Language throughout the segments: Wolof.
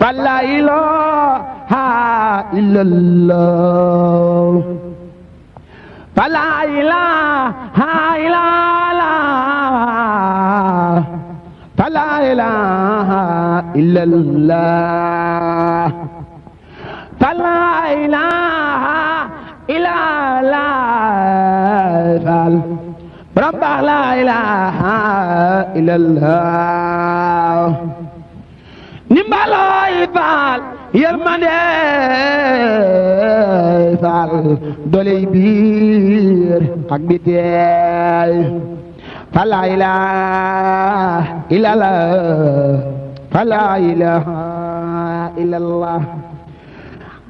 فلا إله إلا الله فلا إله إلا الله فلا إله إلا الله فلا إله إلا الله رب لا إله إلا الله falooy faal yërmandey faal doley biir ak biteey falaa ilaaha illallaah falaa ilaaha illallaah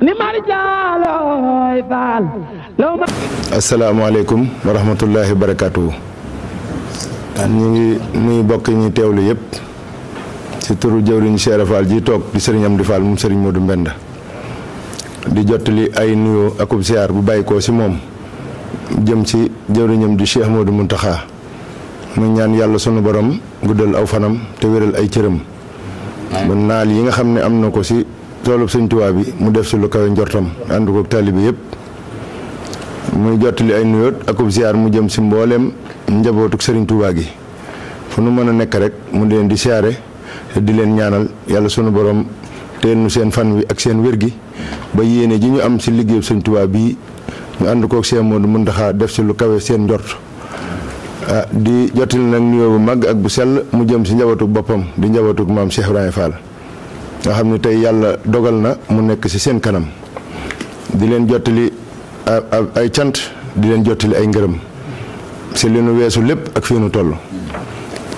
ni mari jaalooy faal law ma assalaamu wa rahmatullaahi wa ngi nuyu bokk ñi teewlu yëpp ci turu jëwriñ Cheikh rafal ji tok di serigne amdou Fall moom serigne Modou Mbenda di jotali ay nuyo akub ziar bu bayiko ci mom jëm ci jawriñam di Cheikh Modou Muntaxa mu ñaan yalla sunu borom guddal aw fanam te wëral ay cërem ba naal yi nga xamne ne am na ko si toolub sëñ Tuubaa bi mu def ci lu kawé ndortam ànd ko talibi yépp muy jotali ay nuyo akub ziar mu jëm ci mbollem njabotuk serigne touba gi fu nu mëna nek rek mu leen di siyaare di len ñaanal yalla suñu borom teenu seen fan wi ak seen wér ba yéene ji ñu am ci liggéey sëñ tuba bi ñu ànd koog seen mu ndaxa def ci lu kawé seen ndort ah, di jotil nak nuyo bu mag ak bu sel mu jëm ci njabatu bopam di njabatu mam Cheikh ibrahim Fall nga xamni tay yalla dogal na mu nekk ci seen kanam di len jotali ay tiant di len jotali ay ngeureum ci li nu wessu lepp ak fi nu tollu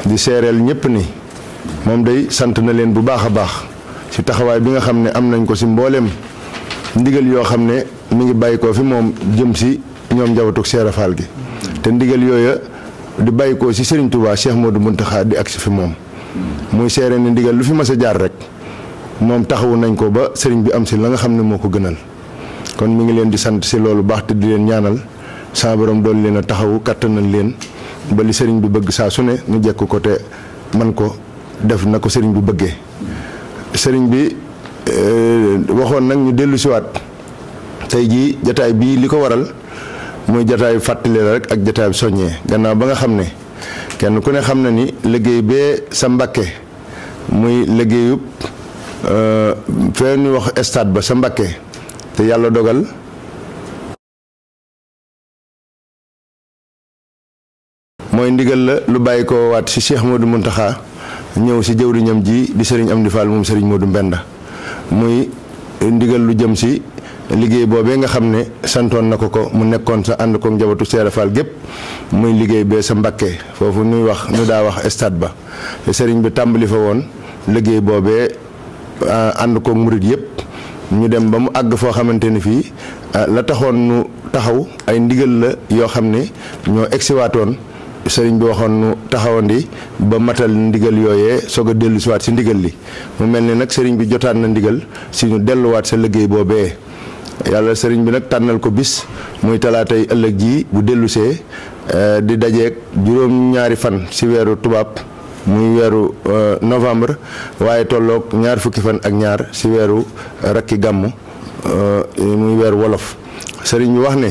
di serel ñepp ni mom day sant na len bu baakha a baax ci taxaway bi nga xamne ne am nañ ko ci mbollem ndigal yo xamne ne mi ngi bayiko jumsi fi mom jëm ci ñom jabatuk yo Faal gi te ndigal yooya di bayiko ci Serigne Touba Cheikh Modou Mountakha di agsi fi mom muy seere ne ndigal lu fi mësa jaar rek mom taxawu nañ ko ba sering bi am ci la nga xamne ne gënal kon mi ngi len di sant ci lolu baax te di len ñaanal sa borom dool leen taxawu kattanal len ba li serigne bi bëgg sa suné ñu jekk ko te man ko def nako serigne sëriñ bi bëggee sëriñ bi eh, waxon nak ñu dellu ci wat tay ji jotaay bi liko waral moy jotaay fàttali rek ak jataayu soñé gannaaw ba nga xamné kenn ku ne xamna ni liggéey bé sa mbàkke muy liggéeyub euh ñu wax stade ba sa mbàkke te yalla dogal moy ndigal la lu bayiko wat ci Cheikh Modou ñëw si jëwriñam ji di sëriñ Amdi Fall moom sëriñ Modou Mbenda muy ndigal lu jëm si liggéey boobee nga xam ne santoon na ko ko mu nekkoon sa ànd kook njabootu Seera Fall gépp muy liggéey bee sa Mbàkke foofu nuy wax nu daa wax stade ba sëriñ bi tàmbali fa woon liggéey boobee euh, ànd ko murit yëpp ñu dem ba mu àgg foo xamante ni fii euh, la taxoon nu taxaw ay ndigal la yoo xam ne ñoo egsiwaatoon sëriñ bi waxoon nu taxawandi ba matal ndigal yooyee soog a dellu siwaat si ndigal li mu mel ni nag sëriñ bi jotaan na ndigal si ñu delluwaat sa liggéey boobee yàlla sëriñ bi nag tànnal ko bis muy talaatay ëllëg ji bu dellusee eh, di dajeeg juróom ñaari fan si weeru tubaab muy weeru eh, novembre waaye tollook ñaar fukki fan ak ñaar si weeru rakki gàmmu eh, muy weeru wolof sëriñ bi wax ne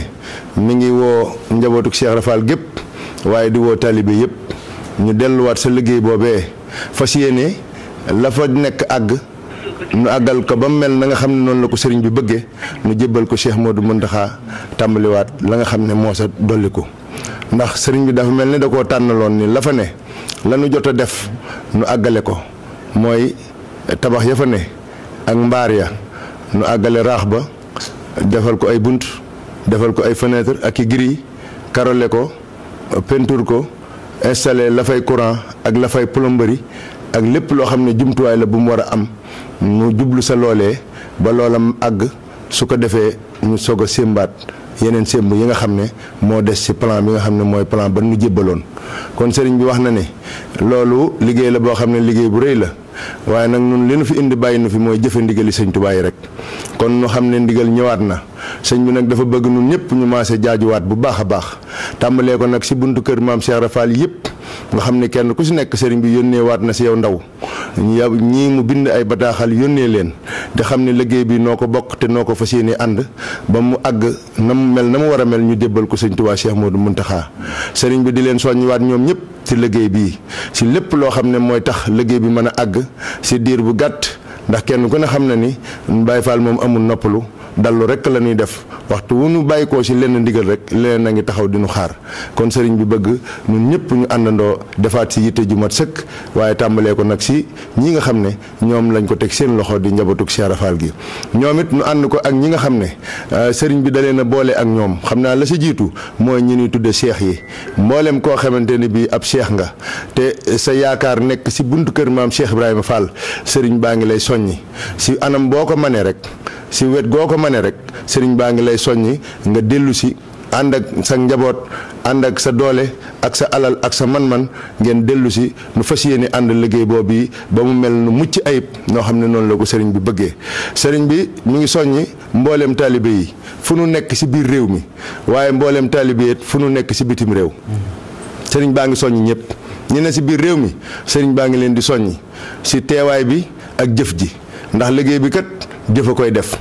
mu ngi woo njabootuk Cheikh Rafal gépp waye di wo talibé yépp ñu wat sa liggéey bobé fasiyéné la fa nekk ag nu agal ko ba mel na nga xamné non la ko sëriñ bi bëggé ñu jébal ko Cheikh Modou tambali wat la nga xamné ne sa dolli ko ndax sëriñ bi dafa melni da ni la fa né la nu def nu agalé ko moy tabax ya fa né ak mbar ya ñu agalé raax ba defal ko ay buntu defal ko ay fenêtre ak i karolé ko peinture ko installé la fay courant ak la fay plomberie ak lépp loo xam ne jumtuwaay la bu mu war a am mu jublu sa loolee ba loolam àgg su ko defee ñu soog a sémbaat yeneen sémb yi nga xam ne moo des ci plan bi nga xam ne mooy plan ba nu jébbaloon kon sëriñ bi wax na ne loolu liggéey la boo xam ne liggéey bu rëy la waaye nag ñun li nu fi indi bàyyi nu fi mooy jëfe ndigali sëñ Tuubaa yi rek kon nu xamne ndigal ñewat na señ bi nak dafa bëgg ñun ñepp ñu jaaju jaajuwaat bu baaxa baax tambalé ko nak ci buntu kër maam Cheikh Rafal yépp nga xamne ne kenn ku ci nekk señ bi yonne waat na ci yow ndaw ñi mu bind ay bataxal yonne leen te xamne liggéey bi noko ko te noo ko ba mu ag na mel na wara mel ñu débbal ko señ Tuubaa Cheikh Modou Muntaxa señ bi di leen soññiwaat ñom ñepp ci liggéey bi si lepp lo xamne moy tax liggéey bi mëna ag ci si bu gatt ndax kenn ku ne xam na ni mbaye Fall moom amul noppalu dallu rek la ñuy def waxtu wu nu bàyyi ci lenn ndigal rek leneen a ngi taxaw di nu xaar kon sëriñ bi bëgg ñun ñëpp ñu àndandoo defaat ci yitte ju mat sëkk waaye tàmbalee ko nag si ñi nga xam ne ñoom lañ ko teg seen loxo di njabatuk Cheikh Rafal gi ñoom it ñu ànd ko ak ñi nga xam ne euh, sëriñ bi dalena na boole ak ñoom xam naa la sa jiitu mooy ñi ñuy tudde cheikh yi mboolem koo xamante ne ab cheikh nga te sa yaakaar nekk si buntu kër maam Cheikh Ibrahima Fall sëriñ baa ngi lay soñ soññi si anam boo ko manee rek si wet goo ko manee rek sëriñ baa ngi lay soññi nga dellu si ànd ak sa njaboot ànd ak sa doole ak sa alal ak sa man-man ngeen dellu si nu fas yéene ànd liggéey boobu yi ba mu mel nu mucc ayib noo xam ne noonu la ko sëriñ bi bëggee sëriñ bi mu ngi soññ mbooleem taalibe yi fu nu nekk si biir réew mi waaye mbooleem taalibe fu nu nekk si bitim réew sëriñ baa ngi soññ ñëpp ñi si biir réew mi sëriñ baa ngi leen di soññ si teewaay bi ak jëf ji ndax liggéey bi kat jëf a koy def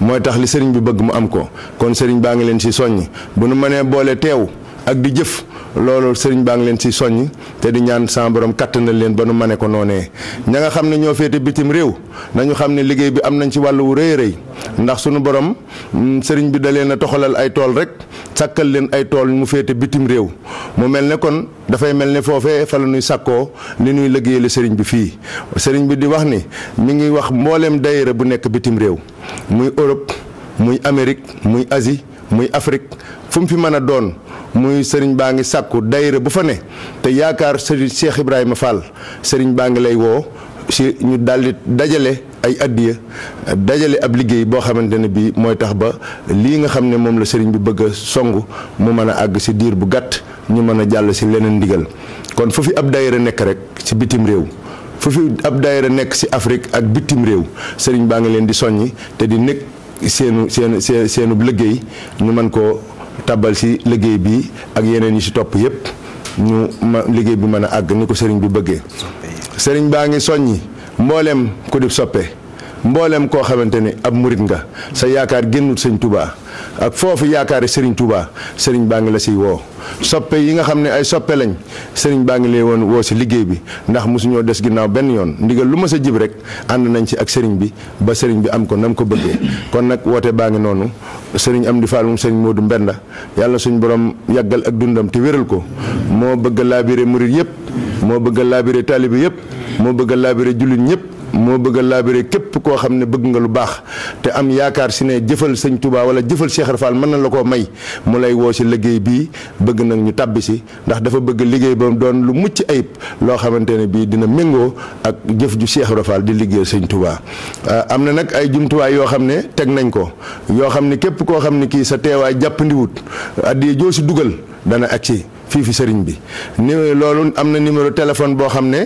mooy tax li sëriñ bi bëgg mu am ko kon sëriñ baa ngi leen ci soññ bu nu mënee boole teew ak di jëf loolu sëriñ baa ngi leen ci soññ te di ñaan boroom borom kattanal leen ba nu mane ko noonee ña nga xam ne ñoo féete bitim réew nañu xam ne liggéey bi am nañ ci wàll wu rëy rëy ndax sunu borom mm, sëriñ bi da leen a toxalal ay tool rek sàkkal leen ay tool mu féete bitim réew mu mel ne kon dafay mel ne foofee fa la ñuy sàkkoo li ñuy liggéeyale sëriñ bi fii sëriñ bi di wax ni mi ngi wax mbooleem daayira bu nekk bitim réew muy Europe muy Amérique muy asi muy Afrique fu fi mën a doon muy sëriñ baa ngi sàkku dayre bu fa ne te yaakaar sëriñ seex Ibrahima Fall sëriñ baa ngi lay woo si ñu daldi dajale ay addiya dajale ab liggéey boo xamante ne bii mooy tax ba lii nga xam ne moom la sëriñ bi bëgg a songu mu mën a àgg si diir bu gàtt ñu mën a jàll si leneen ndigal kon fu fi ab dayra nekk rek si bitim réew fu fi ab daayira nekk si Afrique ak bitim réew sëriñ baa ngi leen di soññi te di nekk seenu seen seenu seenub liggéey ñu mën koo tabal si liggéey bi ak yeneen yi si topp yëpp ñu ma liggéey bi mën a àgg ni ko sëriñ bi bëggee sëriñ baa ngi soññi mboolem ku di soppe mboolem koo xamante ni ab murit nga sa yaakaar génnut sëñ Tuubaa ak fofu yaakaari Serigne Touba Serigne bangi la ci wo soppe yi nga xamne ay soppe lañ Serigne bangi lay woon woo si liggéey bi ndax ñoo dess ginnaw ben yoon ndigal lu sa jib rek and nañ ci ak Serigne bi ba Serigne bi am ko nam ko bëggee kon nak wote bangi nonu Serigne Amdi Fall mu Serigne Modou Mbenda yalla suñu borom yagal ak dundam te wëral ko mo bëgg labiré mourid yépp mo bëgg labiré taalibe yépp mo bëgg labiré julit ñëpp moo bëgg a képp koo xam ne bëgg nga lu baax te am yaakaar si ne jëfal sëñ tubaa wala jëfal Cheikh Rafal mën na la koo may mu lay woo si liggéey bii bëgg nag ñu tàbbi si ndax dafa bëgg liggéey ba doon lu mucc ayib loo xamante ne bii dina méngoo ak jëf ju Cheikh Rafal di liggéey sëñ Touba. Ah, am na nag ay jumtuwaay yoo xam ne teg nañ ko yoo xam ne képp koo xam ne kii sa teewaay jàppandiwut addi joo si dugal dana agsi fii fi sëriñ bi numéro loolu am na numéro téléphone boo xam ne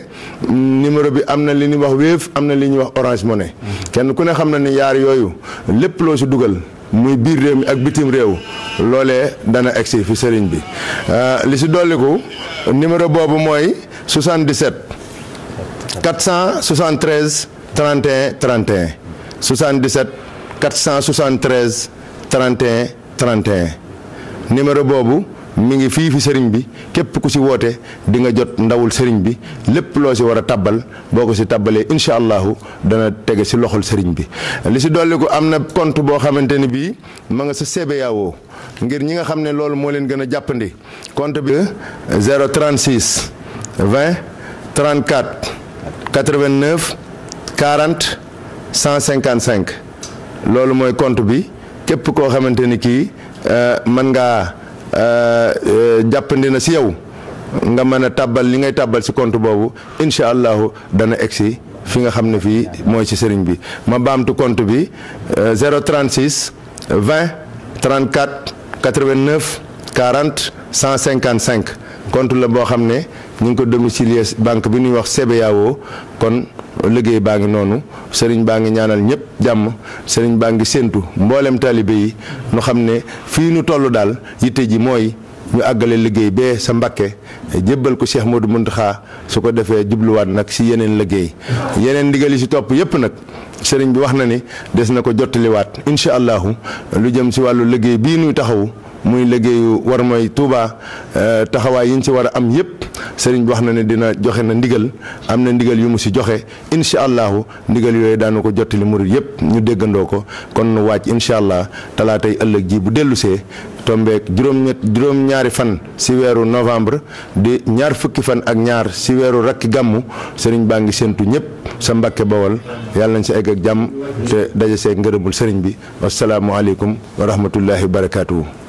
numéro bi am na li ñuy wax Wave am na li ñuy wax Orange Money kenn ku ne xam na ne yaar yooyu lépp loo si dugal muy biir réew mi ak bitim réew loolee dana egsi fi sëriñ bi euh, li si dolliku numéro boobu mooy 77 473 31 31 77 473 31 31 numéro boobu mi ngi fii fi sëriñ bi képp ku si woote di nga jot ndawul sëriñ bi lépp loo si war a tabbal boo ko si tabbalee incha allahu dana tege si loxol sëriñ bi. li si dolli ko am na compte boo xamante ni bii ma nga sa CBAO ngir ñi nga xam ne loolu moo leen gën a jàppandi compte bi. 036 20 34 89 40 155 loolu mooy compte bi képp koo xamante ni kii euh, mën ngaa. Eh, eh, jàppandi na si yow nga mën tabal li ngay tabal ci compte bobu inshallah allahu dana exi fi nga xamne fi moy ci serigne bi ma bamtu compte bi 036 20 34 89 40 155 compte la bo xamne ñing ko domicilier banque bi ñuy wax CBAO kon liggéey baa ngi noonu sëriñ baa ngi ñaanal ñëpp jàmm sëriñ baa ngi séentu mboolem taalibe yi nu xam ne fii nu toll daal yitte ji mooy ñu àggale liggéey bee sa Mbàkke jébbal ko Cheikh Modou Mountakha su ko defee jubluwaat nag si yeneen liggéey yeneen ndigal yi si topp yëpp nag sëriñ bi wax na ni des na ko jottaliwaat incha allahu lu jëm si wàllu liggéey bii nuy taxawu muy liggéeyu war mooy Touba euh, taxawaay yi ñu ci war a am yëpp sëriñ bi wax na ne dina joxe na ndigal am na ndigal yu mu si joxe incha allahu ndigal yooyu daanu ko jottali murit yëpp ñu déggandoo ko kon nu waaj incha allah talaatay ëllëg ji bu dellusee tombeek juróom-ñett ñaari fan si weeru novembre di ñaar fukki fan ak ñaar si weeru rakki gàmmu sëriñ baa ngi séentu ñëpp sa mbakke Bawol yàlla nañ ci egg ak jàmm te daje see ngërëmul sëriñ bi wasalaamualeykum wa rahmatullahi wa barakaatuhu